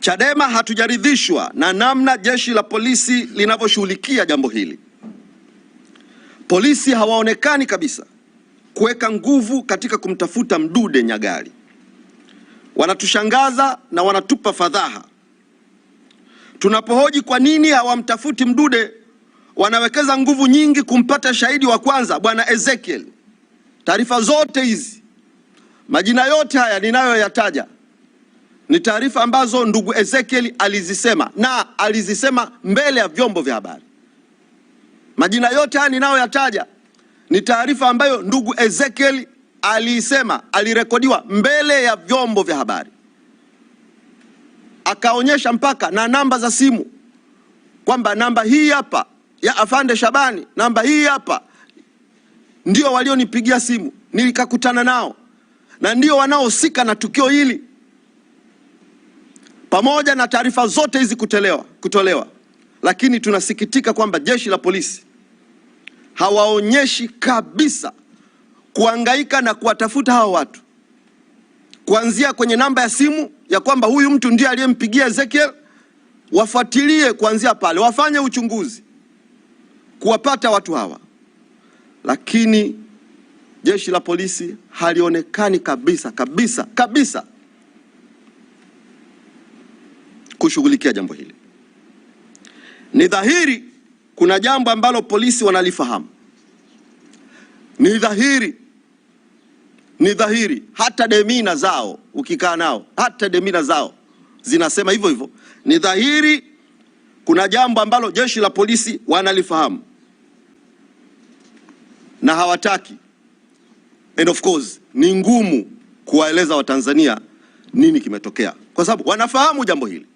Chadema hatujaridhishwa na namna jeshi la polisi linavyoshughulikia jambo hili. Polisi hawaonekani kabisa kuweka nguvu katika kumtafuta Mdude Nyagali. Wanatushangaza na wanatupa fadhaha. Tunapohoji kwa nini hawamtafuti Mdude, wanawekeza nguvu nyingi kumpata shahidi wa kwanza, bwana Ezekiel. Taarifa zote hizi, majina yote haya ninayoyataja ni taarifa ambazo ndugu Ezekiel alizisema na alizisema mbele ya vyombo vya habari. Majina yote haya ninayoyataja ni taarifa ambayo ndugu Ezekiel aliisema, alirekodiwa mbele ya vyombo vya habari, akaonyesha mpaka na namba za simu kwamba namba hii hapa ya Afande Shabani, namba hii hapa ndio walionipigia simu, nilikakutana nao na ndio wanaohusika na tukio hili. Pamoja na taarifa zote hizi kutolewa, kutolewa, lakini tunasikitika kwamba jeshi la polisi hawaonyeshi kabisa kuangaika na kuwatafuta hawa watu, kuanzia kwenye namba ya simu ya kwamba huyu mtu ndiye aliyempigia Ezekiel, wafuatilie kuanzia pale, wafanye uchunguzi kuwapata watu hawa, lakini jeshi la polisi halionekani kabisa kabisa kabisa. kushughulikia jambo hili. Ni dhahiri kuna jambo ambalo polisi wanalifahamu, ni dhahiri, ni dhahiri. Hata demina zao ukikaa nao, hata demina zao zinasema hivyo hivyo. Ni dhahiri kuna jambo ambalo jeshi la polisi wanalifahamu na hawataki, and of course ni ngumu kuwaeleza Watanzania nini kimetokea, kwa sababu wanafahamu jambo hili.